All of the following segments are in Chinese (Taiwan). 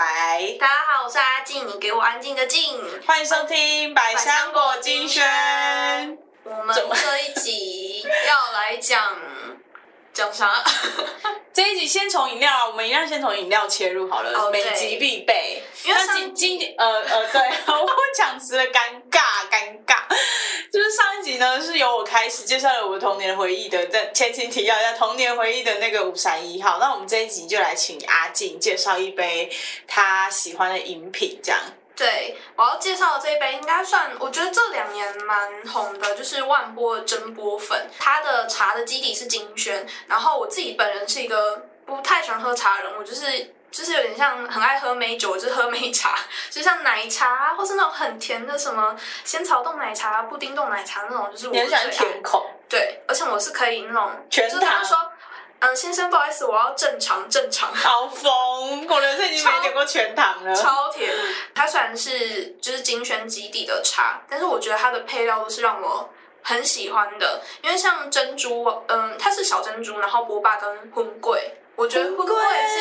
Bye. 大家好，我是阿靜，你給我安靜的靜。歡迎收聽百香果金軒。金我們這一集要來講講 啥？ 這一集先從飲料，我們一定要先從飲料切入好了，oh, 每集必備。對那幾因為今今呃呃，對，我搶食的干。 就是上一集呢，是由我開始介紹了我童年回憶的，在前情提要一下童年回憶的那個五三一號。那我們這一集就來請阿靜介紹一杯她喜歡的飲品，這樣。對，我要介紹的這一杯應該算，我覺得這兩年蠻紅的，就是萬波珍波粉。它的茶的基底是金萱，然後我自己本人是一個不太喜歡喝茶的人，我就是。就是有點像很愛喝美酒，就是喝美茶，就像奶茶，或是那種很甜的什麼仙草凍奶茶，布丁凍奶茶那種，就是我很喜歡甜口。對，而且我是可以那種，全糖。就是他們說，嗯，先生，不好意思，我要正常正常。好瘋，可能是已經沒點過全糖了，超，超甜。它雖然是就是精選基底的茶，但是我覺得它的配料都是讓我很喜歡的，因為像珍珠，嗯，它是小珍珠，然後波霸跟粉粿。我覺得粉粿是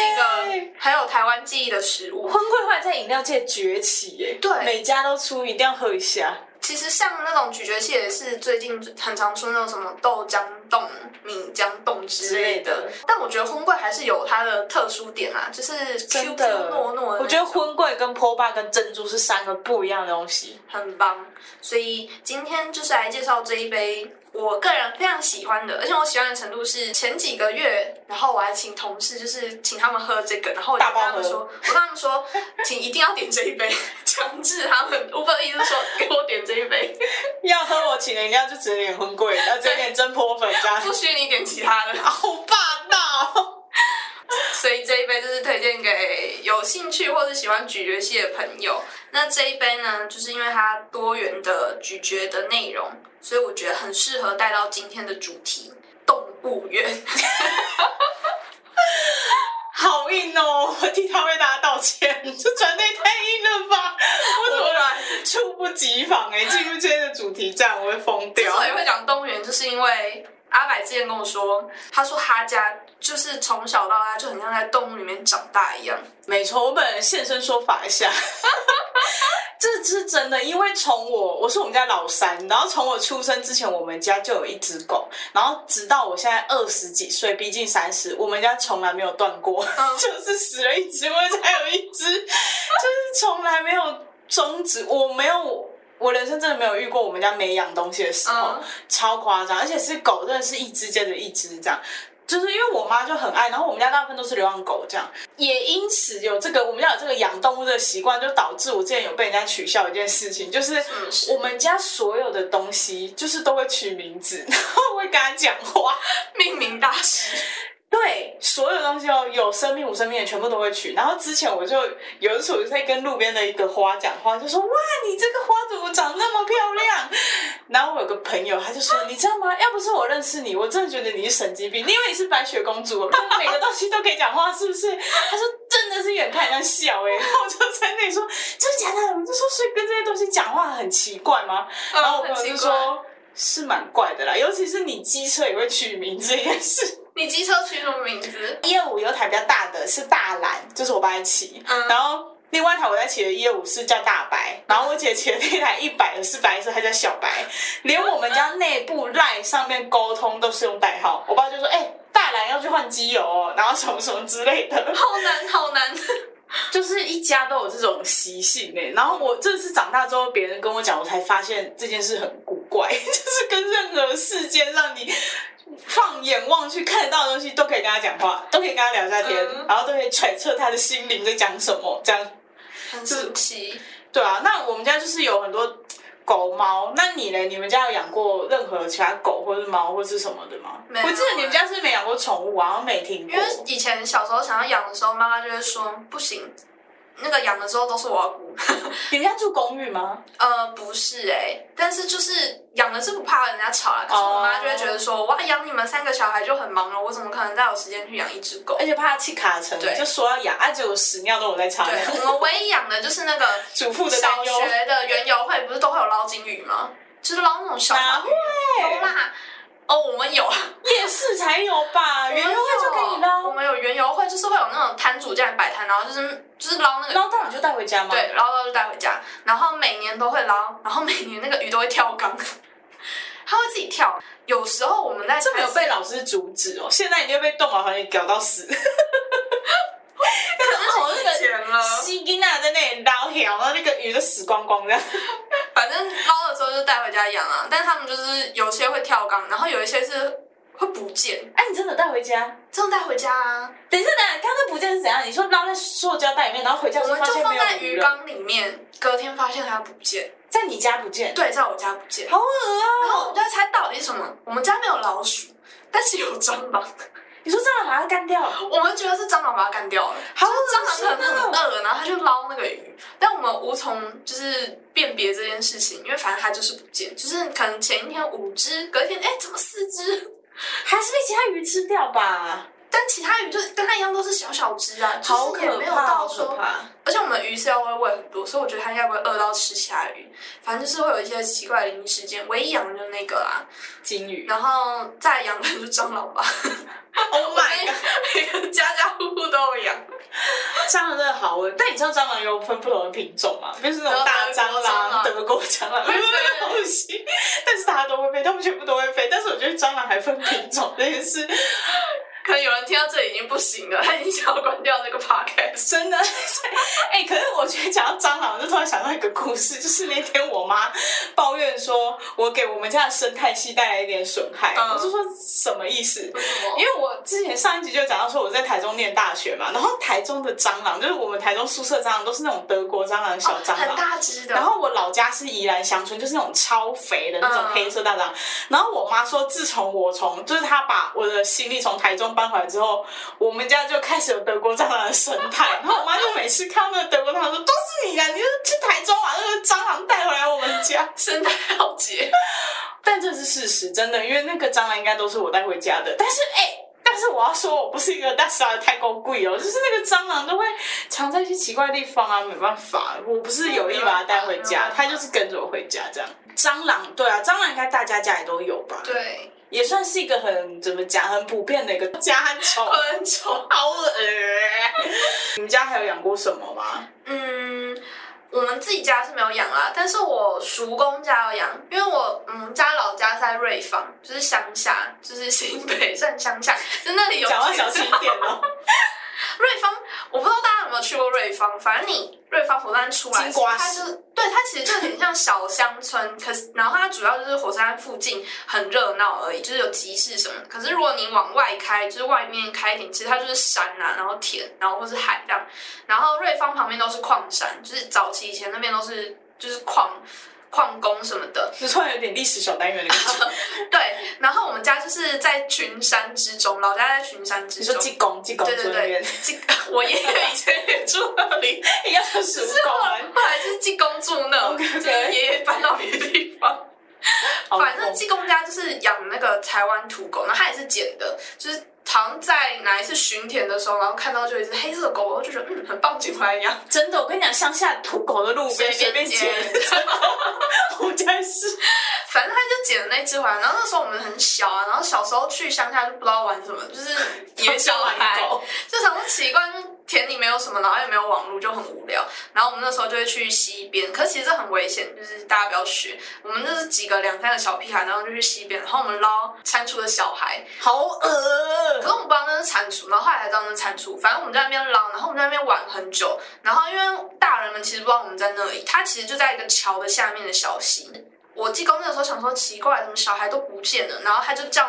一個很有台灣記憶的食物。粉粿後來在飲料界崛起耶。哎，對，每家都出，一定要喝一下。其實像那種咀嚼器，也是最近很常出那種什麼豆漿凍、米漿凍之類的，類的，但我覺得粉粿還是有它的特殊點啊，就是 Q Q 糯糯。我覺得粉粿跟波霸、跟珍珠是三個不一樣的東西，很棒。所以今天就是來介紹這一杯。我個人非常喜歡的，而且我喜歡的程度是前幾個月，然後我還請同事，就是請他們喝這個，然後我跟他們說，我跟他們說，請一定要點這一杯，強制他們，我不好意思說給我點這一杯，要喝我請的飲料就只有點葷貴，要只能點珍波粉加，不許你點其他的，好霸道。所以這一杯就是推薦給有興趣或者喜歡咀嚼系的朋友。那這一杯呢，就是因為它多元的咀嚼的內容。所以我覺得很適合帶到今天的主題——動物園。 好硬哦！我替他為大家道歉，這轉得太硬了吧？我怎麼猝不及防、欸？哎，進入今天的主題這樣，我會瘋掉。所以會講動物園，就是因為阿柏之前跟我說，他說他家就是從小到大就很像在動物裡面長大一樣。沒錯，我本人現身說法一下。 這是真的，因為從我我是我們家老三，然後從我出生之前，我們家就有一只狗，然後直到我現在二十幾歲，逼近三十，我們家從來沒有斷過，嗯、 就是死了一只，我才有一只，就是從來沒有終止。我沒有，我人生真的沒有遇過我們家沒養東西的時候，嗯、超誇張，而且是狗，真的是一只接着一只這樣。就是因為我媽就很愛，然後我們家大部分都是流浪狗，這樣，也因此有這個我們家有這個養動物的習慣，就導致我之前有被人家取笑一件事情，就是我們家所有的東西就是都會取名字，然後會跟他講話，命名大師，對，所有東西哦，有生命無生命的全部都會取。然後之前我就有一次我就在跟路邊的一個花講話，就說哇，你這個花怎麼長？個朋友，他就說，啊、你知道嗎？要不是我認識你，我真的覺得你是神經病。你以為你是白雪公主，每個東西都可以講話，是不是？ 他說真的是遠看像小哎、欸，然後我就在那裡說真的假的，我就說，所以跟這些東西講話很奇怪嗎？嗯、然後我朋友就說是蠻怪的啦，尤其是你機車也會取名字這件事。你機車取什麼名字？一二五有一台比較大的是大藍，就是我爸在騎，嗯、然後。另外一台我在騎的一二五是叫大白，然後我姐騎的那台一百的是白色，她叫小白。連我們家內部賴上面溝通都是用代號。我爸就說：“哎、欸，大藍要去換機油、喔，哦，然後什麼什麼之類的。”好難，好難，就是一家都有這種習性哎、欸。然後我這次長大之後，別人跟我講，我才發現這件事很古怪，就是跟任何世間讓你放眼望去看得到的東西，都可以跟他講話，都可以跟他聊一下天，嗯、然後都可以揣測他的心靈在講什麼，這樣。很神奇。就是，對啊，那我們家就是有很多狗貓。那你呢？你們家有養過任何其他狗，或者貓，或是什麼的嗎？沒。我記得你們家是沒養過寵物啊，我沒聽過。因為以前小時候想要養的時候，媽媽就會說不行。那個養了之後都是我姑。你們家住公寓嗎？呃，不是哎、欸，但是就是養的是不怕人家吵了，可是我媽就會覺得說，oh. 我要養你們三個小孩就很忙了，我怎麼可能再有時間去養一只狗？而且怕它氣卡成，對就說要養，而且我屎尿都有在吵對我在擦。我們唯一養的就是那個。祖父的小學的園遊會不是都會有撈金魚嗎？就是撈那種小。哪會？哦，oh, 我們有，夜市才有吧。園遊會就給你撈，我們有園遊會就，會就是會有那種攤主這樣擺攤，然後就是就是撈那個，撈到你就帶回家嘛。對，撈到就帶回家。然後每年都會撈，然後每年那個魚都會跳缸，它 會自己跳。有時候我們在，這沒有被老師阻止哦。現在已經被動了，好像咬到死。 好正我那、這個西金娜在那裡撈魚，然後那個魚就死光光這樣。反正撈的時候就帶回家養啊，但是他們就是有些會跳缸，然後有一些是會不見。哎、啊，你真的帶回家？真的帶回家啊！等一下，等下，剛才不見是怎樣？你說撈在塑膠袋裡面，然後回家我們就放在魚缸裡面，隔天發現它不見，在你家不見？對，在我家不見，好噁心哦啊！然後我們要猜到底是什麼？我們家沒有老鼠，但是有蟑螂。你說蟑螂把它幹掉了，我們覺得是蟑螂把它幹掉了。蟑螂可能很餓，然後它就撈那個魚，但我們無從就是辨別這件事情，因為反正它就是不見，就是可能前一天五隻，隔天哎，怎麼四隻，還是被其他魚吃掉吧。但其他魚就跟它一樣都是小小隻啊，好可怕，就是沒有到說，而且我們魚是要餵餵很多，所以我覺得它應該不會餓到吃其他魚。反正就是會有一些奇怪的臨時間，唯一養的就是那個啊金魚，然後再養的就是蟑螂吧。Oh my god！每個家家戶戶都有養蟑螂，真的好聞。但你知道蟑螂有分不同的品種嗎？比如是那種大蟑螂、蟑螂啊、德國蟑螂、啊，很多東西。是但是它都會飛，它們全部都會飛。但是我覺得蟑螂還分品種，真是。可能有人聽到這裡已經不行了，他已經想要關掉那個 podcast 真的。哎、欸，可是我覺得講到蟑螂，就突然想到一個故事，就是那天我媽抱怨說我給我們家的生態系帶來一點損害。嗯、我就說什麼意思？為因為我之前上一集就講到說我在台中念大學嘛，然後台中的蟑螂就是我們台中宿舍蟑螂都是那種德國蟑螂、小蟑螂，哦、很大只的。然後我老家是宜蘭鄉村，就是那種超肥的那種黑色大蟑螂。嗯嗯，然後我媽說自從我從，自從我從就是她把我的行李從台中搬回來之後，我們家就開始有德國蟑螂的生態。然後我媽就每次看到德國蟑螂， 說，都是你啊！你就去台中啊，那個蟑螂帶回來我們家生態 浩劫。但這是事實，真的，因為那個蟑螂應該都是我帶回家的。但是哎、欸，但是我要說，我不是一個大傻的太高貴哦、喔，就是那個蟑螂都會藏在一些奇怪的地方啊，沒辦法，我不是有意把它帶回家，它就是跟着我回家這樣。蟑螂，對啊，蟑螂應該大家家裡都有吧？對。也算是一個很怎麼講，很普遍的一個家寵。很醜，好噁心。你們家還有養過什麼嗎？嗯，我們自己家是沒有養啦，但是我叔公家有養，因為我，嗯，家老家在瑞芳，就是鄉下，就是新北鎮鄉下，在 那裡有小、喔。講要小心一點哦。瑞芳。我不知道大家有沒有去過瑞芳，反正你瑞芳火山出來，它、就是對它其實就挺像小鄉村，可是然後它主要就是火山附近很熱鬧而已，就是有集市什麼。可是如果你往外開，就是外面開一點，其實它就是山吶、啊，然後田，然後或是海這樣。然後瑞芳旁邊都是礦山，就是早期以前那邊都是就是礦。礦工什麼的，就突然有點歷史小單元的感覺。對，然後我們家就是在群山之中，老家在群山之中。你說濟公，濟公對對對，濟我爺爺以前也住那裡， 應該是礦工。後來就是濟公住那，然後爺爺搬到別的地方。好反正哦、濟公家就是養那個台灣土狗，那他也是撿的，就是。常在哪一次巡田的時候，然後看到就一只黑色的狗，我就覺得嗯，很棒，撿回來一樣。真的，我跟你講，鄉下土狗的路邊隨便撿，隨便撿 我真是，反正他就撿了那只回來。然後那時候我們很小啊，然後小時候去鄉下就不知道玩什麼，就是也想玩狗，就常常習慣。田裡沒有什麼，然後也沒有網絡，就很無聊。然後我們那時候就會去溪邊，可是其實這很危險，就是大家不要學。我們就是幾個兩三個小屁孩，然後就去溪邊，然後我們撈蟾蜍的小孩，好惡噁。可是我們不知道那是蟾蜍，然後後來才知道那是蟾蜍。反正我們在那邊撈，然後我們在那邊玩很久。然後因為大人們其實不知道我們在那裡，他其實就在一個橋的下面的小溪。我記工那個時候想說奇怪，怎麼小孩都不見了？然後他就這樣。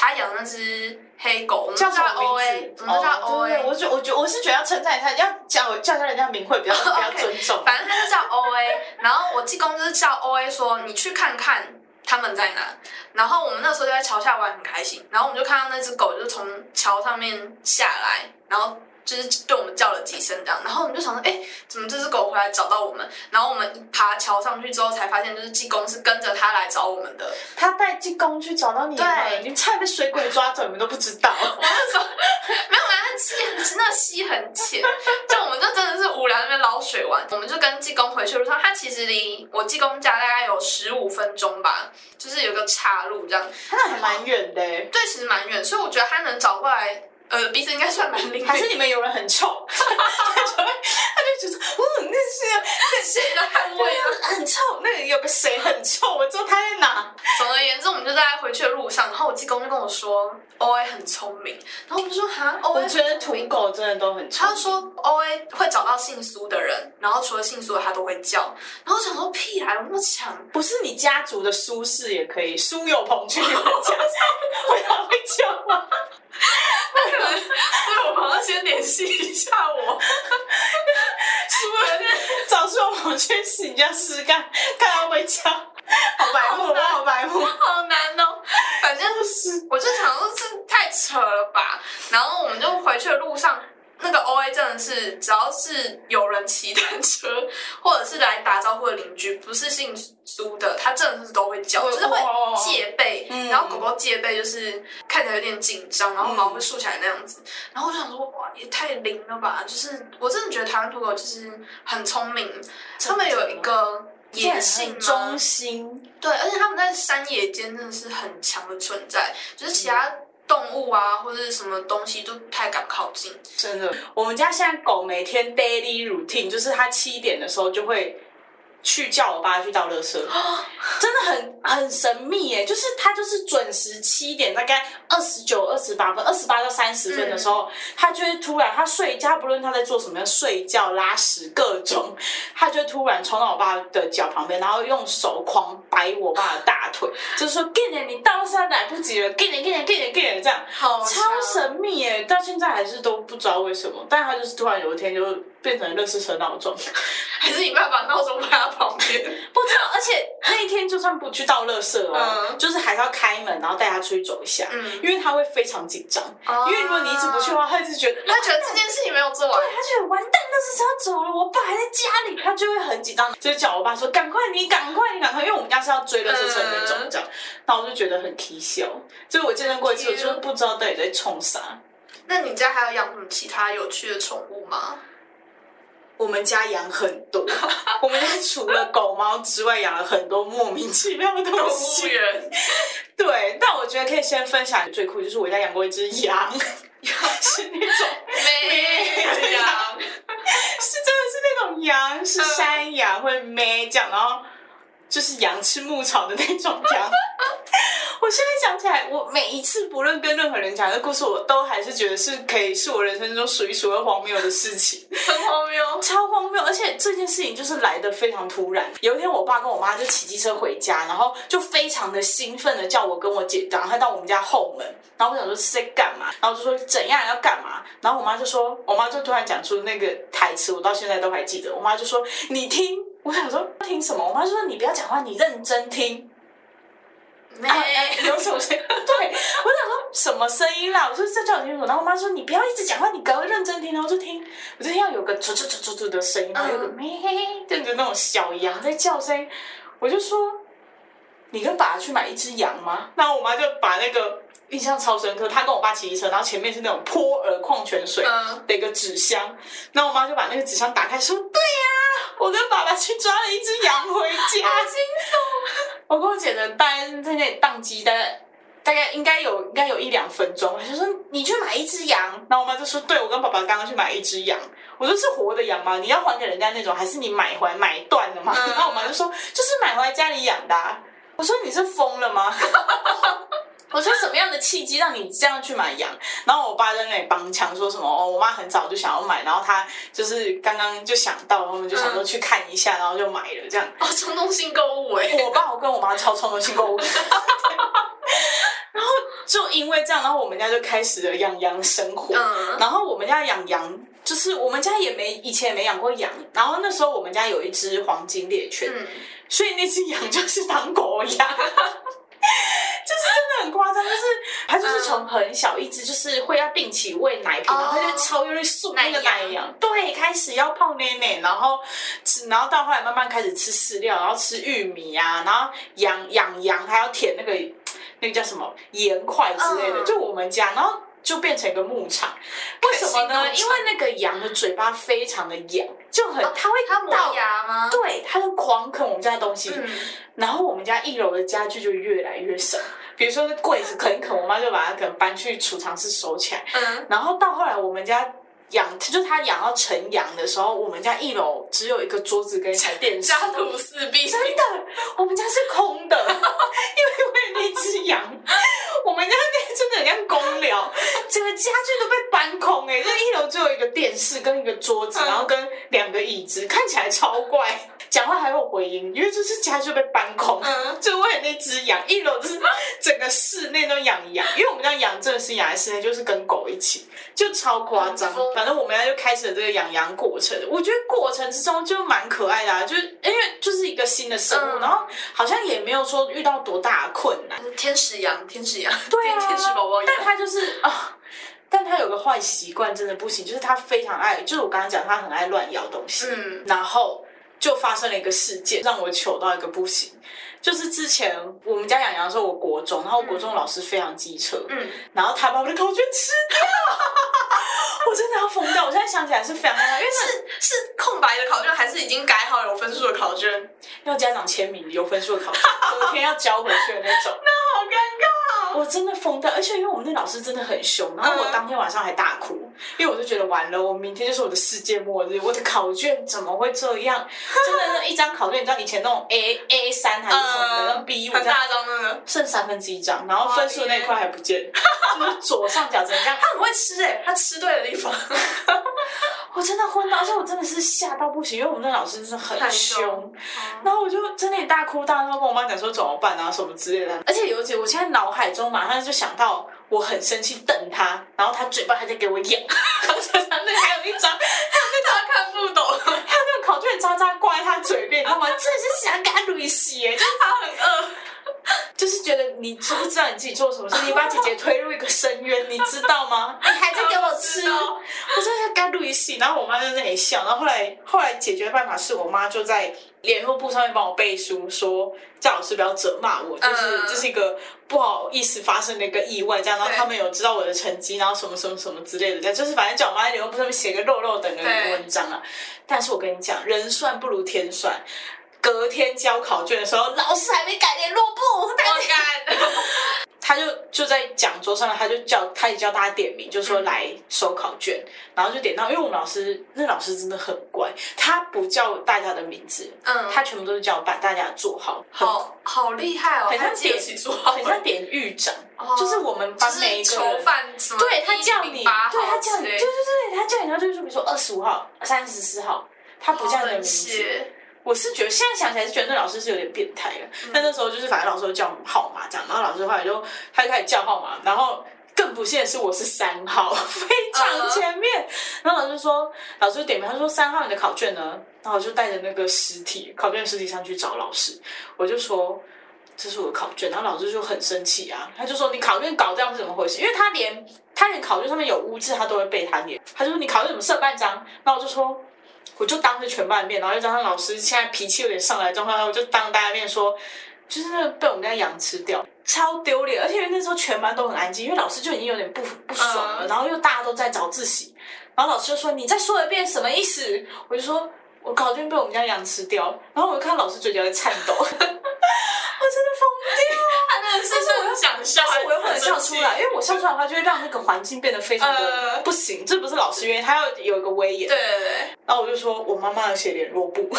他養那只黑狗，我們叫 O A，叫，我們叫 O A，我叫 O A，我就我覺我是覺得要稱讚他，要叫叫叫人家名諱比較比較尊重。反正他叫 O A， 然後我記公司叫 O A 說，你去看看他們在哪。然後我們那時候就在橋下玩很開心，然後我們就看到那只狗就從橋上面下來，然後。就是對我們叫了幾聲這樣，然後我們就想說，哎、欸，怎麼這只狗回來找到我們？然後我們一爬橋上去之後，才發現就是濟公是跟着他來找我們的。他帶濟公去找到你們對，欸、你們差點被水鬼抓走， 你們都不知道。我那時候沒有，沒那溪那溪很淺， 就我們就真的是無聊那邊撈水玩。我們就跟濟公回去路上，他其實離我濟公家大概有十五分鐘吧，就是有個岔路這樣子。那還蠻遠的，欸，對，其實蠻遠，所以我覺得他能找過來。呃，鼻子應該算蠻靈敏，還是你們有人很臭？ 他就覺得，哇、嗯，那是啊，那是啊，對啊，很臭，那個有個誰很臭，我知道他在哪。總而言之，我們就在回去的路上，然後我繼公就跟我說 ，OA 很聰明，然後我們就說啊，我覺得土狗真的都很臭。他就說，OA 會找到姓蘇的人，然後除了姓蘇的，他都會叫。然後我想說，屁來，我那麼強，不是你家族的蘇氏也可以，蘇有朋去你們家，我要會叫嗎？那可能，所以我朋友先聯繫一下我。 是不是 早說我去洗一下看他干，干會敲好白目，好白目好，好，好，好難哦。難喔、反正我是，我就想說是太扯了吧。 然後我們就回去的路上。那個 O A 真的是，只要是有人騎單車，或者是來打招呼的鄰居，不是姓蘇的，它真的是都會叫，就是會戒備，然後狗狗戒備就是看起來有點緊張，然後毛會豎起來那樣子。然後我就想說，哇，也太靈了吧！就是我真的覺得台灣土狗就是很聰明，他們有一個野性中心。對，而且他們在山野間真的是很強的存在，就是其他。動物啊，或者是什麼東西都不太敢靠近。真的，我們家現在狗每天 daily routine 就是它七點的時候就會去叫我爸去倒垃圾，哦、真的很很神秘耶！就是他就是準時七點大概二十九二十八分二十八到三十分的時候，嗯、他就會突然他睡覺，不論他在做什麼要睡覺拉屎、各種，他就會突然衝到我爸的腳旁邊，然後用手狂掰我爸的大腿， 就說趕緊 你倒垃圾來不及了，趕緊趕緊趕緊趕緊這樣，超神秘耶！到現在還是都不知道為什麼，但他就是突然有一天就。變成垃圾車鬧鐘， 還是你爸把鬧鐘擺在他旁邊？ 不知道。而且那一天就算不去倒垃圾哦，嗯、就是還是要開門，然後帶他出去走一下，嗯、因為他會非常緊張。嗯、因為如果你一直不去的話，他一直覺得、啊、他覺得這件事情沒有做完，對，他覺得完蛋，垃圾車走了，我爸還在家裡，他就會很緊張，所以叫我爸說：“趕快你，趕快你趕快，你趕快！”因為我們家是要追垃圾車鬧鐘這樣。那、嗯、我就覺得很啼笑，所以我見證過一次，實我就是不知道到底在衝啥。那你家還有養其他有趣的寵物嗎？我們家養很多，我們家除了狗貓之外，養了很多莫名其妙的東西。動物園。對，但我覺得可以先分享最酷，就是我家養過一只羊，羊 是那種咩羊，是真的是那種羊，是山羊會咩這樣，然後就是羊吃牧草的那種羊。我現在想起來，我每一次不論跟任何人講這故事，我都還是覺得是可以是我人生中數一數二荒謬的事情，很荒謬，超荒謬。而且這件事情就是來得非常突然。有一天，我爸跟我媽就騎機車回家，然後就非常的興奮的叫我跟我姐，然後他到我們家後門。然後我想說是在幹嘛？然後就說怎樣要幹嘛？然後我媽就說，我媽就突然講出那個台詞，我到現在都還記得。我媽就說：“你聽。”我想說聽什麼？我媽就說：“你不要講話，你認真聽。”啊、哎，有什麼聲？對，我想說什麼聲音啦？我說這叫什麼？然後我媽說，你不要一直講話，你趕快認真聽。然後我就聽，我就要有個突突突突突的聲音，然後、嗯、有個咩咩咩，對着那種小羊在叫聲，我就說，你跟爸去買一只羊嗎？那我媽就把那個印象超深刻，她跟我爸騎機車，然後前面是那種波爾礦泉水的一個紙箱，那我媽就把那個紙箱打開說，對呀、啊。我跟爸爸去抓了一隻羊回家，驚悚！我跟我姐的單在那裡當機，大概大概應該有應該有一兩分鐘。我就說你去買一隻羊，然後我媽就說：“對，我跟爸爸剛剛去買一隻羊。”我說：“是活的羊嗎？你要還給人家那種，還是你買回來買斷的嗎？”嗯、然後我媽就說：“就是買回來家裡養的、啊。”我說：“你是瘋了嗎？” 我說，什麼樣的契機讓你這樣去買羊？然後我爸在那裡幫腔說什麼？哦，我媽很早就想要買，然後他就是剛剛就想到，我們就想說去看一下，嗯、然後就買了這樣。哦，衝動性購物哎、欸！我爸我跟我媽超衝動性購物。 然後就因為這樣，然後我們家就開始了養羊生活。嗯、然後我們家養羊，就是我們家也沒以前也沒養過羊。然後那時候我們家有一只黃金獵犬，嗯、所以那只羊就是當狗養。嗯 就是真的很誇張， 就是他就是從很小一隻，就是會要定期餵奶瓶，嗯、然後他就超容易送那個奶羊，對，開始要泡奶奶，然後吃，然後到後來慢慢開始吃飼料，然後吃玉米啊，然後養養羊，羊，羊還要舔那個那個叫什麼鹽塊之類的，嗯、就我們家，然後就變成一個牧場。為什麼呢？因為那個羊的嘴巴非常的癢。就很，他、哦、會他磨牙嗎？對，他就狂啃我們家的東西，嗯、然後我們家一樓的家具就越來越少。比如說櫃子啃一啃，嗯、我媽就把它可能搬去儲藏室收起來。嗯，然後到後來我們家。養就他養到成羊的時候，我們家一樓只有一個桌子跟一台電視，家徒四壁。真的，我們家是空的， 因為為了那隻羊，我們家那真的很像公寮，整個家具都被搬空哎、欸！這 一樓只有一個電視跟一個桌子， 然後跟兩個椅子，看起來超怪，講話還會有回音，因為就是家具被搬空，就為了那隻羊。一樓就是整個室內都養羊，因為我們家羊真的是養在室內，就是跟狗一起，就超誇張。 反正我們家就開始了這個養羊、羊過程，我覺得過程之中就蠻可愛的，啊，就是因為就是一個新的生物，嗯、然後好像也沒有說遇到多大的困難。天使羊，天使羊，對、啊、天使寶寶。但他就是啊、哦，但他有個壞習慣，真的不行，就是他非常愛，就是我剛剛講他很愛亂咬東西。嗯，然後就發生了一個事件，讓我糗到一個不行，就是之前我們家養羊、羊的時候，我國中，然後國中老師非常機車，嗯，然後他把我的口訣吃掉。嗯 我真的要瘋掉！我現在想起來是非常尷尬，因為是是空白的考卷，還是已經改好有分數的考卷？要家長簽名有分數的考卷，隔 天要交回去的那種，那好尷尬。我真的瘋掉，而且因為我們那老師真的很凶，然後我當天晚上還大哭，嗯、因為我就覺得完了，我明天就是我的世界末日，我的考卷怎麼會這樣？真的那一張考卷，你知道以前那種 A A 三還是什麼的、嗯、那，B 五張的、那個，剩三分之一張，然後分數那塊還不見，oh, yeah. 就是左上角怎樣？他很會吃哎、欸，他吃對的地方。 我真的昏倒，而且我真的是嚇到不行，因為我們那老師真的很凶，嗯、然後我就在那裡大哭大鬧，跟我媽講說怎麼辦啊什麼之類的。而且尤其我現在腦海中馬上就想到，我很生氣瞪他，然後他嘴巴還在給我咬， 他哈哈。那還有一張， 他他看不懂， 他那個考卷渣渣掛在他嘴邊，你知道嗎？真的是想給他吐血，就是 他很餓。就是覺得你知不知道你自己做什麼事？你把姐姐推入一個深淵， 你知道嗎？ 你還在給我吃，哦。 我說要該錄一洗。然後我媽在那裡笑。然後後來，後來解決的辦法是我媽就在聯絡簿上面幫我背書，說趙老師不要責罵我，就是這、就是一個不好意思發生的一個意外。這樣，然後他們有知道我的成績，然後什麼什麼什麼之類的。這樣，對就是反正叫我媽在聯絡簿上面寫個肉肉等的文章啊。對但是我跟你講，人算不如天算。隔天交考卷的時候，老師還沒改聯絡簿，大家， 他就就在講桌上，他就叫，他也叫大家點名，就說來收考卷，嗯、然後就點到，因為我們老師那個、老師真的很乖，他不叫大家的名字，嗯，他全部都是叫把大家做好，好，好厲害哦，很像點起坐好，很像典獄長，哦、就是我們班每一個是囚犯，你對他，他叫你，對他叫，你，是就是他叫你，他就就比如說二十五號、三十四號，他不叫你的名字。我是覺得現在想起來是覺得那老師是有點變態的。嗯、但那時候就是反正老師會叫我號碼這樣，然後老師後來就他就開始叫號碼，然後更不幸的是我是三號，非常、嗯、前面。Uh huh. 然後老師說，老師就點名，他說三號你的考卷呢？然後我就帶着那個實體考卷實體上去找老師，我就說這是我的考卷。然後老師就很生氣啊，他就說你考卷搞這樣是怎麼回事？因為他連他連考卷上面有污漬，他都會被他念。他就說你考卷怎麼剩半張？然後我就說。我就當着全班的面，然後又加上老師現在脾氣有點上來的狀況，我就當大家面說，就是被我們家羊吃掉，超丟臉。而且因為那時候全班都很安靜，因為老師就已經有點不不爽了，嗯、然後又大家都在早自習，然後老師就說：“你再說一遍什麼意思？”我就說：“我搞定被我們家羊吃掉。”然後我就看老師嘴角在顫抖， 我真的瘋掉了，還試試但是。想笑，我又不能笑出來，因為我笑出來的話就會讓那個環境變得非常的、呃、不行。這不是老師是因為他要有一個威嚴。對，對，對。然後我就說，我媽媽要寫聯絡簿，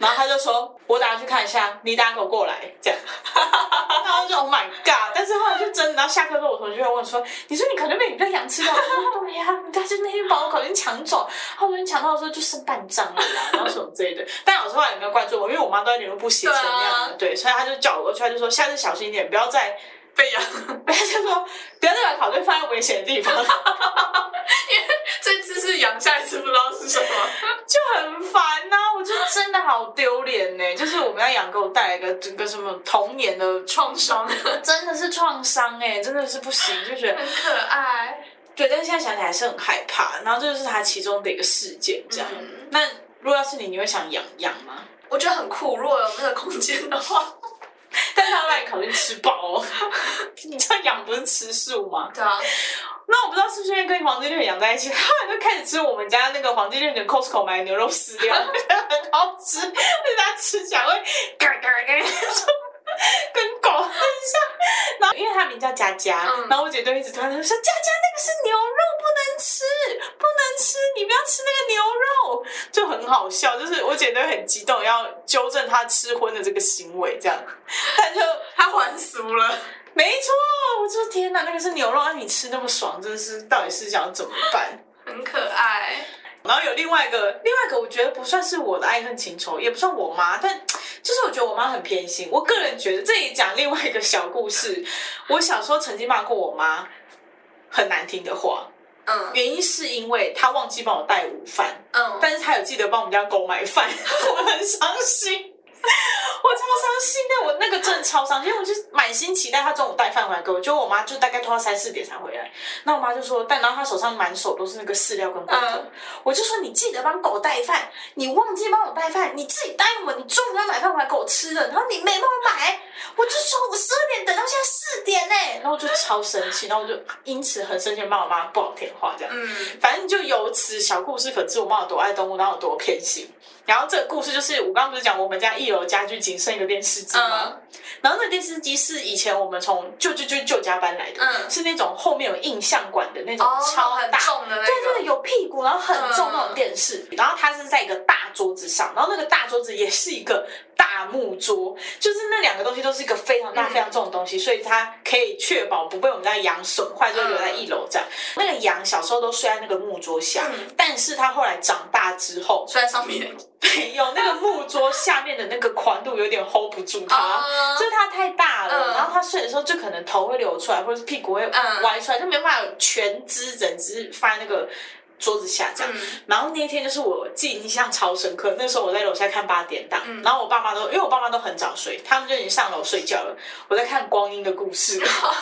然後他就說，我等下去看一下，你等下給我過來，這樣。 然後就 Oh my God！但是後來就真的。然後下課之後，我同學就會問說，你說你可能被 你的羊吃掉？對呀，他就那天把我狗給搶走，後面搶到的時候就剩半張了啦， 然後什麼這一對。但老師後來也沒有怪罪我，因為我媽都在聯絡簿寫成那樣的，對，啊、對，所以他就叫我出來，就說下次小心一點，不要再。.被養，他就說：“不要再把烤肉放在危險的地方， 因為這次是羊，下一次不知道是什麼， 就很煩吶、啊。我覺得真的好丟臉呢，就是我們要養給我帶來一個整個什麼童年的創傷， 真的是創傷哎，真的是不行，就覺得很可愛。對，但是現在想起來還是很害怕。然後這就，就是他其中的一個事件，這樣。嗯、哼那如果要是你，你會想養羊嗎？我覺得很酷，如果有那個空間的話。” 他外你烤吃飽、嗯，你知道羊不是吃素嗎？對啊。那我不知道是不是因為跟黃金獵犬養在一起，他們就開始吃我們家那個黃金獵犬的 Costco 買的牛肉飼料，覺得 很好吃，而、就、且、是、他吃起來會，跟狗很像。然後因為他名叫佳佳，嗯、然後我姐就一直突然說佳佳那個是牛肉。不能吃，你不要吃那個牛肉，就很好笑。就是我姐都很激動，要糾正他吃葷的這個行為，這樣，她就他還俗了。 沒錯，我說天哪，那個是牛肉，啊、你吃那麼爽，真的是，到底是想怎麼辦？很可愛。然後有另外一個，另外一個，我覺得不算是我的愛恨情仇，也不算我媽，但就是我覺得我媽很偏心。我個人覺得，這也講另外一個小故事。我小時候曾經罵過我媽很難聽的話。嗯，原因是因為他忘記幫我帶午飯。嗯，但是他有記得幫我們家狗買飯，我、嗯、 很傷心，我超傷心的，但我那個真的超傷心，因為我就滿心期待他中午帶飯回來給我，結果我媽就大概拖到三四點才回來，那我媽就說，但然後他手上滿手都是那個飼料跟骨頭，嗯、我就說你記得幫狗帶飯，你忘記幫我帶飯，你自己帶嘛，你中午要買飯回來給我吃的，然後你沒辦法買。嗯我就說，我十二點等到現在四點呢？欸，然後我就超生氣，啊、然後我就因此很生氣，罵我媽不好聽話，這樣。嗯，反正就由此小故事可知我，我媽有多愛動物，然後有多偏心。然後這個故事就是，我剛剛不是講我們家一樓家具僅剩一個電視機嗎？嗯、然後那電視機是以前我們從舊舊舊舊家搬來的，嗯、是那種後面有映像管的那種超大、哦、很重對對那個、有屁股，然後很重的那種電視。嗯、然後它是在一個大桌子上，然後那個大桌子也是一個。大木桌就是那兩個東西都是一個非常大，非常重的東西，嗯、所以它可以確保不被我們家羊損壞，就留在一樓這樣。嗯、那個羊小時候都睡在那個木桌下，嗯、但是它後來長大之後，睡在上面。沒對、嗯、有那個木桌下面的那個寬度有點 hold 不住它，就是、嗯、它太大了。嗯、然後它睡的時候就可能頭會流出來，或者是屁股會歪出來，嗯、就沒辦法全肢整只是放那個。桌子下這樣，嗯、然後那一天就是我自己印象超深刻。那時候我在樓下看八點檔，嗯、然後我爸媽都因為我爸媽都很早睡，他們就已經上樓睡覺了。我在看《光陰的故事》。哦，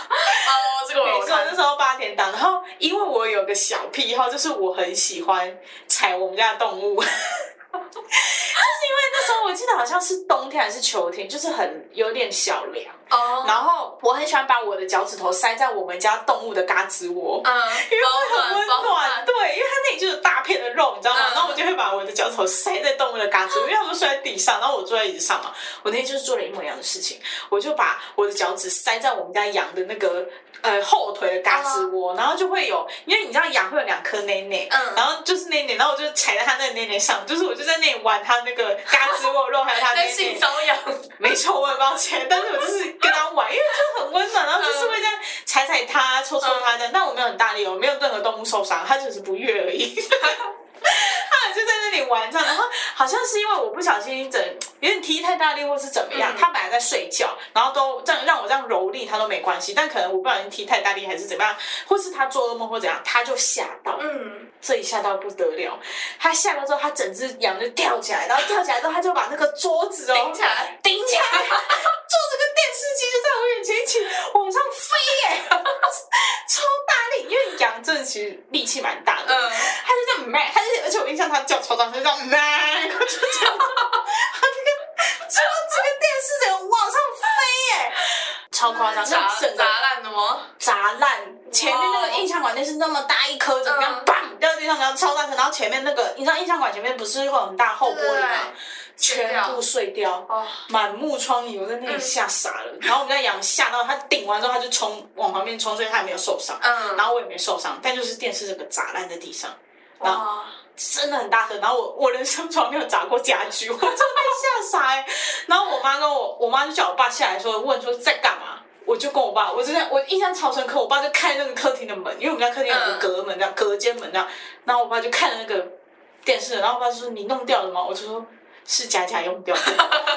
這個沒錯，那時候八點檔。然後因為我有個小癖好，就是我很喜歡踩我們家的動物， 就是因為那時候我記得好像是冬天還是秋天，就是很有點小涼。Oh. 然後我很喜歡把我的腳趾頭塞在我們家動物的嘎吱窩，嗯，因為很溫暖，嗯、對，因為它那裡就有大片的肉，你知道嗎？嗯、然後我就會把我的腳趾頭塞在動物的嘎吱窩，嗯、因為他們都睡在地上，然後我坐在椅子上嘛。我那天就是做了一模一樣的事情，我就把我的腳趾塞在我們家羊的那個呃後腿的嘎吱窩，嗯、然後就會有，因為你知道羊會有兩顆內內，嗯，然後就是內內，然後我就踩在它那個內內上，就是我就在那裡玩它那個嘎吱窩肉 還有它那性騷擾，沒錯，我很抱歉，但是我就是。 跟他玩，因為就很溫暖，然後就是會在踩踩他，抽抽他這樣。但我沒有很大力，我沒有任何動物受傷，他只是不悅而已。 他就在那裡玩這樣，然後好像是因為我不小心整，有點踢太大力，或是怎麼樣。嗯、他本來在睡覺，然後都這樣讓我這樣蹂躪他都沒關係。但可能我不小心踢太大力，還是怎麼樣，或是他做噩夢或怎樣，他就嚇到。嗯，這一嚇到不得了，他嚇到之後，他整只羊就跳起來，然後跳起來之後，他就把那個桌子哦頂起來，頂起來。 往上飛耶、欸，超大力！因為羊真其實力氣蠻大的，他、嗯、就這樣咩，他就而且我印象他叫超，就叫超，、嗯、超大聲叫咩，哈哈這個電視怎麼往上飛耶、欸？超誇張！砸砸爛了嗎？砸爛！前面那個映像管電視那麼大一顆，怎麼、嗯、樣？砰！掉地上然後超大聲，然後前面那個，你知道映像管前面不是會有很大厚玻璃嗎？對全部碎掉！滿目瘡痍，窗我在那裡嚇傻了。嗯、然後我們家羊嚇到，他頂完之後他就衝往旁邊衝，所以他也沒有受傷。嗯，然後我也沒受傷，但就是電視這個砸爛在地上。哦。真的很大聲，然後我我人生從來沒有砸過家具，我真的被嚇傻、欸。 然後我媽跟我，我媽就叫我爸下來說，說問說在幹嘛。我就跟我爸，我真的我印象超深刻，我爸就開那個客廳的門，因為我們家客廳有個隔門這樣隔間門這樣。然後我爸就看了那個電視，然後我爸就說你弄掉了嗎？我就說是佳佳用掉，的，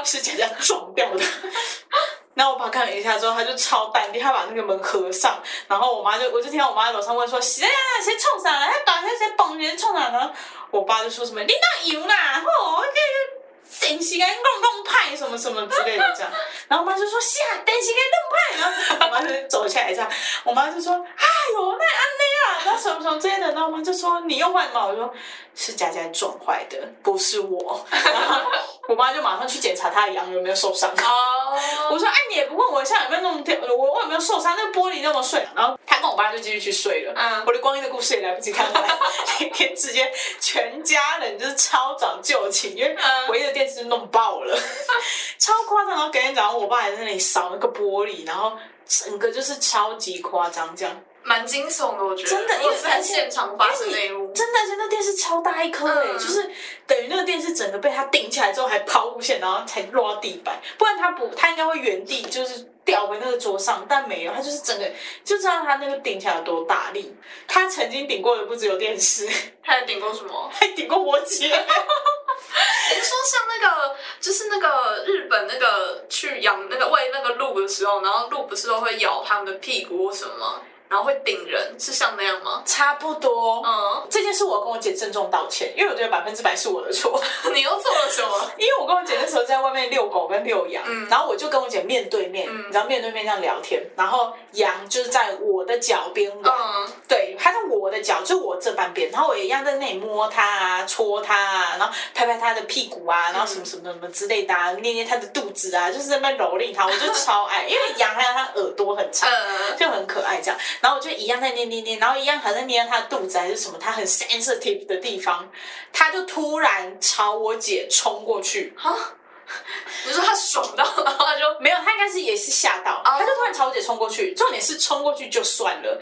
是佳佳撞掉的。 然後我爸看了一下之後，他就超淡定，他把那個門合上。然後我媽就，我就聽到我媽在樓上問說：“誰啊？誰衝上來，他打誰？誰綁人？衝上來，然後我爸就說什麼：“你哪 有啦，哦，這個電視間弄弄派什麼什麼之類的這樣。” 然後我媽就說：“ 下電視間弄派。”然後我媽就走下來這樣，我媽就說：“ 哎呦，那那。”那什麼時候追得到嗎？我媽就說你又壞嗎？我說是佳佳撞壞的，不是我。然後我媽就馬上去檢查她的羊有沒有受傷。哦，oh. 我說哎、啊，你也不問我羊有沒有那麼，我有沒有受傷？那個、玻璃那麼碎、啊，然後她跟我爸就繼續去睡了。Uh. 我的光陰的故事也來不及看完， 天天直接全家人就是超早就寢，因為唯一的電視弄爆了， 超誇張。然後隔天早上，我爸還在那裡掃那個玻璃，然後整個就是超級誇張這樣。蠻驚悚的，我覺得，真的因為是現、現場發生那一幕，真的，是那電視超大一顆，嗯、就是等於那個電視整個被他頂起來之後，還拋物線，然後才落到地板，不然他不，他應該會原地就是掉回那個桌上，但沒有，他就是整個就知道他那個頂起來有多大力。他曾經頂過的不只有電視，他還頂過什麼？還頂過我姐。你 說像那個，就是那個日本那個去養那個餵那個鹿的時候，然後鹿不是都會咬他們的屁股或什麼？然後會頂人，是像那樣嗎？差不多。嗯，這件事我跟我姐鄭重道歉，因為我覺得百分之百是我的錯。 你又做了什麼？因為我跟我姐那時候在外面遛狗跟遛羊，嗯、然後我就跟我姐面對面，嗯、你知道面對面這樣聊天，然後羊就是在我的腳邊玩，嗯、對，它在我的腳，就我這半邊，然後我也一樣在那裡摸它啊，戳它啊，然後拍拍它的屁股啊，然後什麼什麼什麼之類的、啊，嗯、捏捏它的肚子啊，就是在那蹂躪它，我就超愛， 因為羊還有它,它耳朵很長，嗯、就很可愛這樣。然後我就一樣在捏捏捏，然後一樣還在捏他的肚子還是什麼，他很 sensitive 的地方，他就突然朝我姐衝過去。啊！我說他爽到，然後他說沒有，他應該是也是嚇到，uh, 他就突然朝我姐衝過去。重點是衝過去就算了，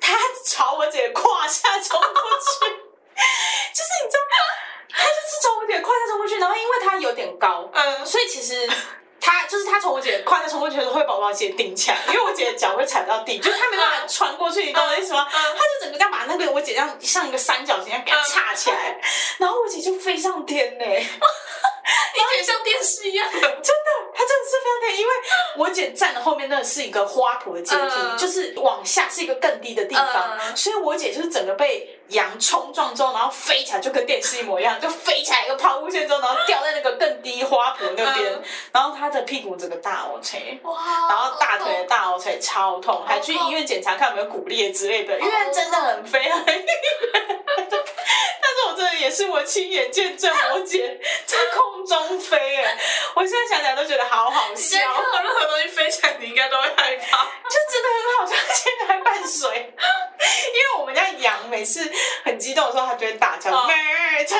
他朝我姐胯下衝過去， 就是你知道，他就是朝我姐胯下衝過去，然後因為他有點高，嗯，所以其實。 他就是他從我姐胯下衝過去的時候，會把我姐頂起來，因為我姐腳會踩到地， 就是他沒辦法穿過去，你知道為什麼？嗯嗯、他就整個這樣把那個我姐這樣像一個三角形要給叉起來，嗯嗯、然後我姐就飛上天嘞，欸，我姐 像電視一樣，的，真的。他真的是非常疼，因為我姐站的後面，那是一個花圃的階梯，嗯、就是往下是一個更低的地方，嗯、所以我姐就是整個被羊衝撞之後，然後飛起來就跟電視一模一樣，就飛起來一個拋物線之後，然後掉在那個更低花圃那邊，嗯、然後她的屁股整個大凹腿，哇，然後大腿的大凹腿超痛，痛還去醫院檢查看有沒有骨裂之類的，哦、因為真的很飛啊，哦、 但是我真的也是我親眼見證我姐在空中飛，哎，我現在想起來都覺得。好好笑！任何任何東西飛起來，你應該都會害怕， 就真的很好笑，現在還伴隨， 因為我們家羊每次很激動的時候，它就會大叫咩，哦妹成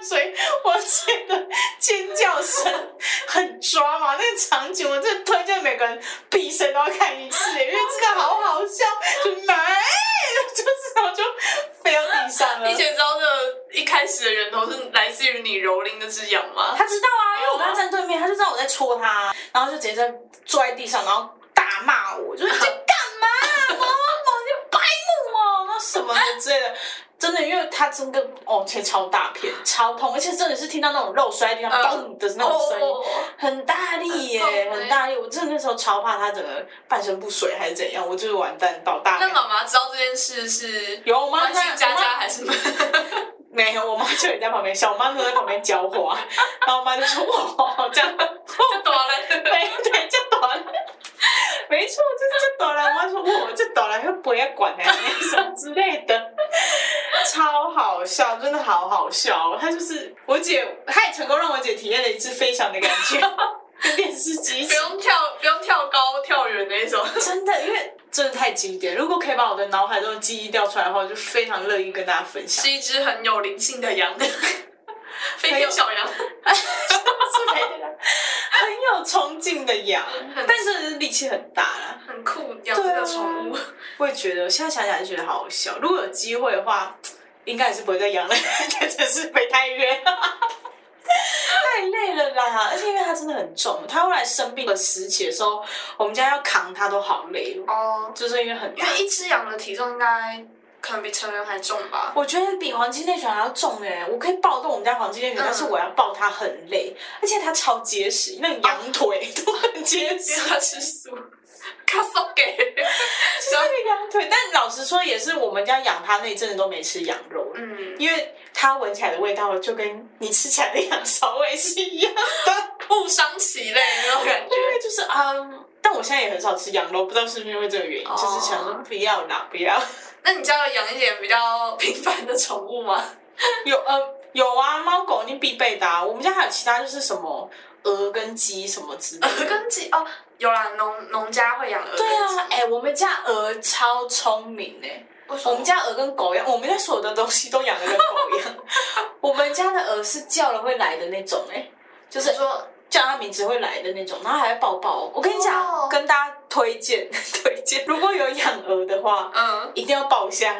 所以，我覺得尖叫聲很抓嘛，那個場景我真的推薦每個人畢生都要看一次，因為這個好好笑，就埋，就是然後就飛到地上了。你以前知道，這一開始的人頭是來自於你蹂躪那隻羊嗎？他知道啊，因為我剛站對面，他就知道我在戳他，然後就直接在坐在地上，然後大罵我，就是你幹嘛，某某某，你白目啊，那什麼之類的。 真的，因為他真的哦，其實超大片，超痛，而且真的是聽到那種肉摔地上嘣的那種聲音，很大力耶，很大力。我真的那時候超怕他整個半身不遂還是怎樣，我就是完蛋倒大。那老媽知道這件事是？有我媽親家家還是？沒有，我媽就在旁邊，小媽就在旁邊澆花，然後我媽就說：“我這倒了。”對對，就倒了，沒錯，就是這倒了。我媽說：“我這倒了，你不要管啊，什麼之類的。”超好笑，真的好好笑哦！他就是我姐，他也成功讓我姐體驗了一次飛翔的感覺。 跟電視機不用跳，不用跳高跳遠那種。真的，因為真的太經典。如果可以把我的腦海中的記憶調出來的話，我就非常樂意跟大家分享。是一隻很有靈性的羊的。飛天小羊很，哈哈哈哈哈！很有衝勁的羊，但是力氣很大啦，很酷，養這個寵物，對、啊。我也覺得，現在想想就覺得好笑。如果有機會的話，應該也是不會再養了，簡直是太冤，太累了啦！而且因為他真的很重，他後來生病了時期的時候，我們家要扛他都好累哦，就是因為很……因為一隻羊的體重應該。比成人還重吧，我覺得比黃金獵犬還要重哎！我可以抱動我們家黃金獵犬，嗯、但是我要抱它很累，而且它超結實，那羊腿都很結實。它、嗯、吃素，它給，那羊腿。但老實說，也是我們家養它那一陣子都沒吃羊肉，嗯，因為它聞起來的味道就跟你吃起來的羊騷味是一樣，不傷其類那種感覺。就是啊，但我現在也很少吃羊肉，不知道是不是因為這個原因，就是想說不要啦，不要。那你知要養一點比較平凡的寵物嗎？有呃有啊，貓狗你必備的啊。我們家還有其他就是什麼鵝跟雞什麼之類的。鵝跟雞哦，有啦，農農家會養鵝。對啊，哎、欸，我們家鵝超聰明嘞、欸，為什麼？我們家鵝跟狗一樣，我們家所有的東西都養的跟狗一樣。 我們家的鵝是叫了會來的那種哎、欸，就是說叫它名字會來的那種，然後還會抱抱。我跟你講，oh. 跟大家。推薦推薦，如果有養鵝的話，嗯，一定要抱一下。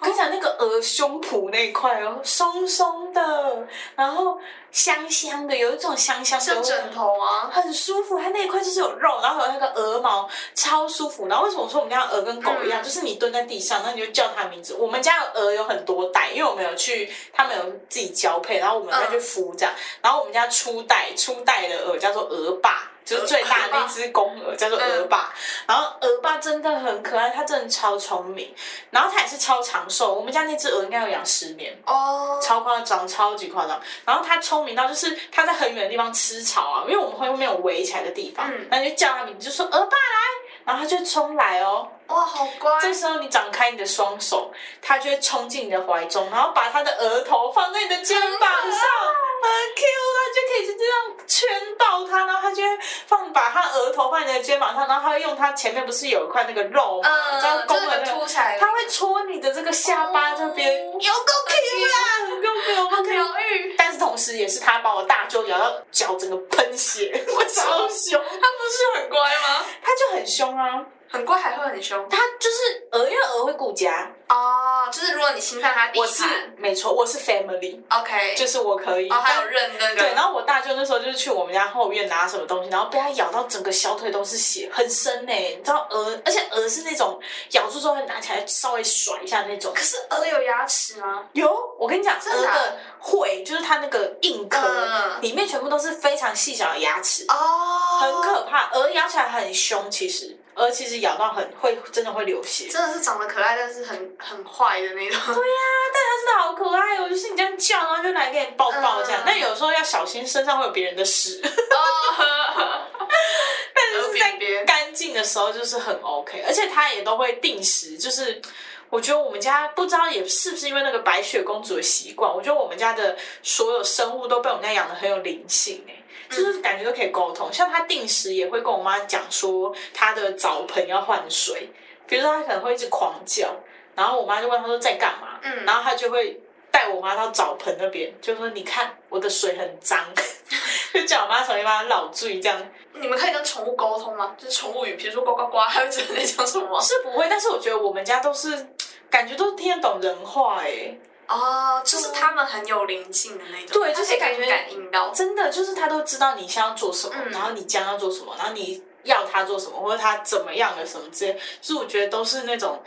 我跟你講，那個鵝胸脯那一塊哦，鬆鬆的，然後香香的，有一種香香的枕頭啊，很舒服。它那一塊就是有肉，然後有那個鵝毛，超舒服。然後為什麼說我們家鵝跟狗一樣？嗯、就是你蹲在地上，那你就叫它名字。我們家鵝有，有很多代，因為我沒有去，他們有自己交配，然後我們再去孵，這樣。然後我們家初代，初代的鵝叫做鵝爸。就是最大的那隻公鵝，霸叫做鵝爸。嗯、然後鵝爸真的很可愛，它真的超聰明，然後它也是超長壽。我們家那隻鵝應該有養十年哦，超誇張，超級誇張。然後它聰明到就是它在很遠的地方吃草啊，因為我們後面有圍起來的地方，那就、嗯、叫它名字，就說“鵝爸來”，然後它就衝來、喔、哦。哇，好乖！這時候你展開你的雙手，它就會衝進你的懷中，然後把它的額頭放在你的肩膀上。嗯啊很 Q 啊，就可以就這樣圈到他，然後他就會放把他額頭放在肩膀上，然後他會用他前面不是有一塊那個肉嘛，然後拱的、那個，他會戳你的這個下巴這邊，有夠 Q 啦，有夠 Q，有夠 Q，但是同時也是他把我大舅咬到腳整個噴血，我超凶，然後，他不是很乖嗎？他就很凶啊。很乖還會很兇，它就是鵝，因為鵝會顧家哦。Oh, 就是如果你侵犯它，我是沒錯，我是 family，OK，Okay. 就是我可以。哦、oh, 但，還有認那個。對，對，對，對，然後我大舅那時候就是去我們家後院拿什麼東西，然後被它咬到整個小腿都是血，很深嘞、欸。你知道鵝，而且鵝是那種咬住之後會拿起來稍微甩一下那種。可是鵝有牙齒嗎？有，我跟你講，鵝的喙，就是它那個硬殼、嗯、裡面全部都是非常細小的牙齒哦，oh. 很可怕。鵝咬起來很兇，其實。而其實咬到很會，真的會流血。真的是長得可愛，但是很很壞的那種。對呀、啊，但是真的好可愛哦，我就是你這樣叫，然後就來給你抱抱這樣。但、呃、有時候要小心，身上會有別人的屎。但是，在乾淨的時候就是很 OK，而且它也都會定時。就是我覺得我們家不知道也是不是因為那個白雪公主的習慣，我覺得我們家的所有生物都被我們家養得很有靈性、欸就是感覺都可以溝通，嗯、像他定時也會跟我媽講說他的澡盆要換水，比如說他可能會一直狂叫，然後我媽就問他說在幹嘛，嗯、然後他就會帶我媽到澡盆那邊，就說你看我的水很髒， 就叫我媽小一把它注住。這樣，你們可以跟寵物溝通嗎？就是寵物語，比如說呱呱呱，還有知道在講什麼嗎？是不會，但是我覺得我們家都是感覺都是聽得懂人話誒、欸。哦，oh, 就是他們很有靈性的那種，對，就是感覺感應到。真的，就是他都知道你想要做什麼，嗯、然後你將要做什麼，然後你要他做什麼，或者他怎麼樣的什麼之類，所、就、以、是、我覺得都是那種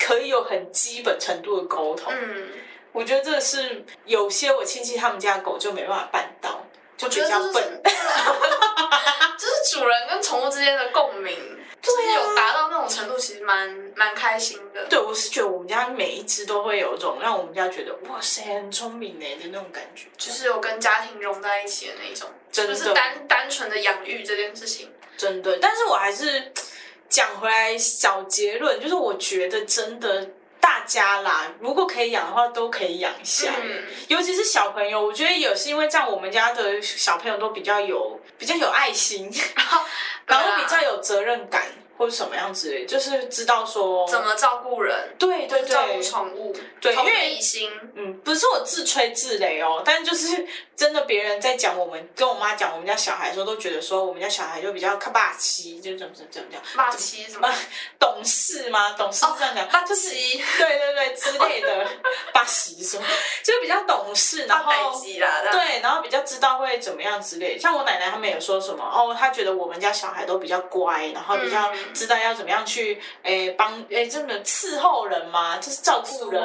可以有很基本程度的溝通。嗯，我覺得這是有些我親戚他們家的狗就沒辦法辦到。我覺得笨就是， 就是主人跟寵物之間的共鳴，啊、就是有達到那種程度，其實蠻蠻開心的。對，我是覺得我們家每一隻都會有一種讓我們家覺得哇塞很聰明耶的那種感覺，就是有跟家庭融在一起的那一種，就的是，是單單純的養育這件事情。真的，但是我還是講回來小結論，就是我覺得真的。大家啦，如果可以養的話，都可以養一下。嗯、尤其是小朋友，我覺得也是因為這樣，我們家的小朋友都比較有、比較有愛心，然後然後比較有責任感。或什麼樣子，就是知道說怎麼照顧人，對對對，照顧寵物，對，童心。嗯，不是我自吹自擂哦，但就是真的，別人在講我們跟我媽講我們家小孩的時候，都覺得說我們家小孩就比較可霸氣，就怎麼怎麼怎麼樣，霸氣什麼懂事嗎？懂事這樣講，霸氣，對對對之類的霸氣什麼，就比較懂事，然後對，然後比較知道會怎麼樣之類。像我奶奶他們也說什麼哦，她覺得我們家小孩都比較乖，然後比較。知道要怎麼樣去哎，幫、欸、哎、欸，真的伺候人嗎？就是照顧人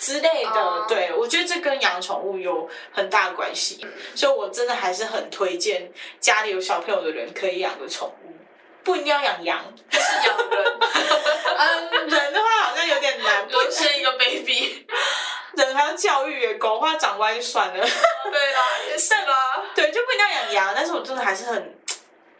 之類的。哦 oh. 對，我覺得這跟養寵物有很大的關係，oh. 所以我真的還是很推薦家裡有小朋友的人可以養個寵物，不一定要養羊，還是養養人。 人的話好像有點難，多生 一個 baby， 人還要教育，哎，狗話長歪算了。 oh, 對啊，也是啊。對，就不一定要養羊， 但是我真的還是很。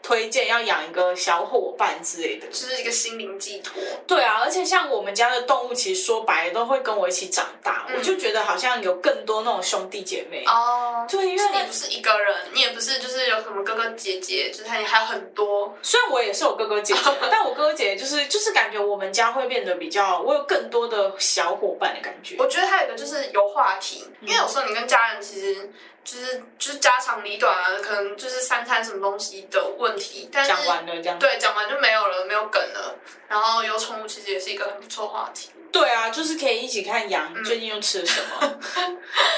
推薦要養一個小夥伴之類的，就是一個心靈寄託。對啊，而且像我們家的動物，其實說白了都會跟我一起長大，嗯、我就覺得好像有更多那種兄弟姐妹。哦，就因為你不是一個人，你也不是就是有什麼哥哥姐姐，就是還還有很多。雖然我也是有哥哥姐姐， 但我哥哥姐姐就是就是感覺我們家會變得比較，我有更多的小夥伴的感覺。我覺得他有一個就是有話題，因為有時候你跟家人其實。嗯就是就是家長裡短啊，可能就是三餐什麼東西的問題，但是講完了這樣，對，講完就沒有了，沒有梗了。然後有寵物其實也是一個很不錯話題。對啊，就是可以一起看羊，嗯、你最近又吃了什麼，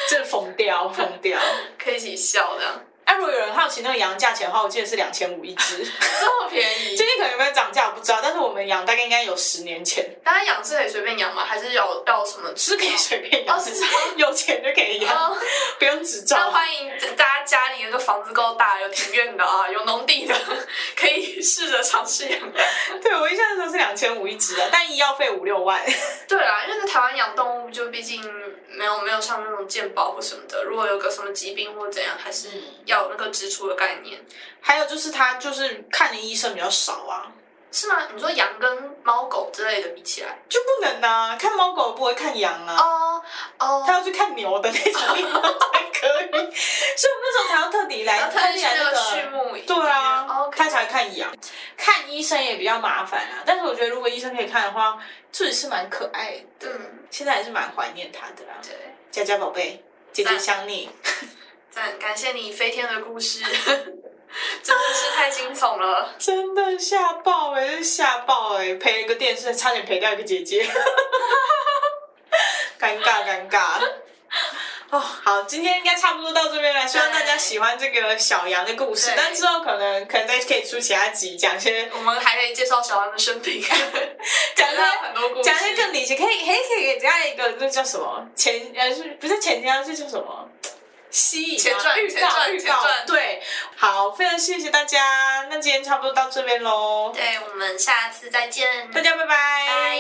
這瘋掉瘋掉，掉可以一起笑的。哎、啊，如果有人好奇那個羊價錢的話，我記得是兩千五一隻，這麼便宜。最近可能有沒有漲價，我不知道。但是我們養大概應該有十年前。大家養是可以隨便養嗎？還是要要什麼？啊、只是可以隨便養，啊、是有錢就可以養，哦、不用執照。那歡迎大家家裡那個房子夠大有庭院的啊，有農地的，可以試着嘗試養。對，我印象中是兩千五一隻啊，但醫藥費五六萬。對啊，因為在台灣養動物就畢竟沒有沒有像那種健保或什麼的，如果有個什麼疾病或怎樣，還是要。有那個支出的概念，還有就是他就是看的醫生比較少啊，是嗎？你說羊跟貓狗之類的比起來就不能啊。看貓狗不會看羊啊？哦哦，他要去看牛的那種地方才可以，所以我那時候才要特地來參加序幕，對啊，他才看羊，看醫生也比較麻煩啊。但是我覺得如果醫生可以看的話，這也是蠻可愛的。嗯，現在還是蠻懷念他的啊。對，佳佳寶貝，姐姐想你。感謝你飛天的故事， 真的是太驚悚了， 真的嚇爆哎、欸，嚇爆哎、欸，賠一個電視，差點賠掉一個姐姐，尷尬尷尬。尬 哦， 好，今天應該差不多到這邊了，對希望大家喜歡這個小羊的故事。對但之後可能可能再可以出其他集，講些。我們還可以介紹小羊的生平、啊，講些 很多故事，講一個歷史，可以可以可以給這樣一個那叫什麼前呃是不是前天是叫什麼？吸前傳預告，預告，前前，對，好，非常謝謝大家，那今天差不多到這邊咯，對，我們下次再見，大家拜拜。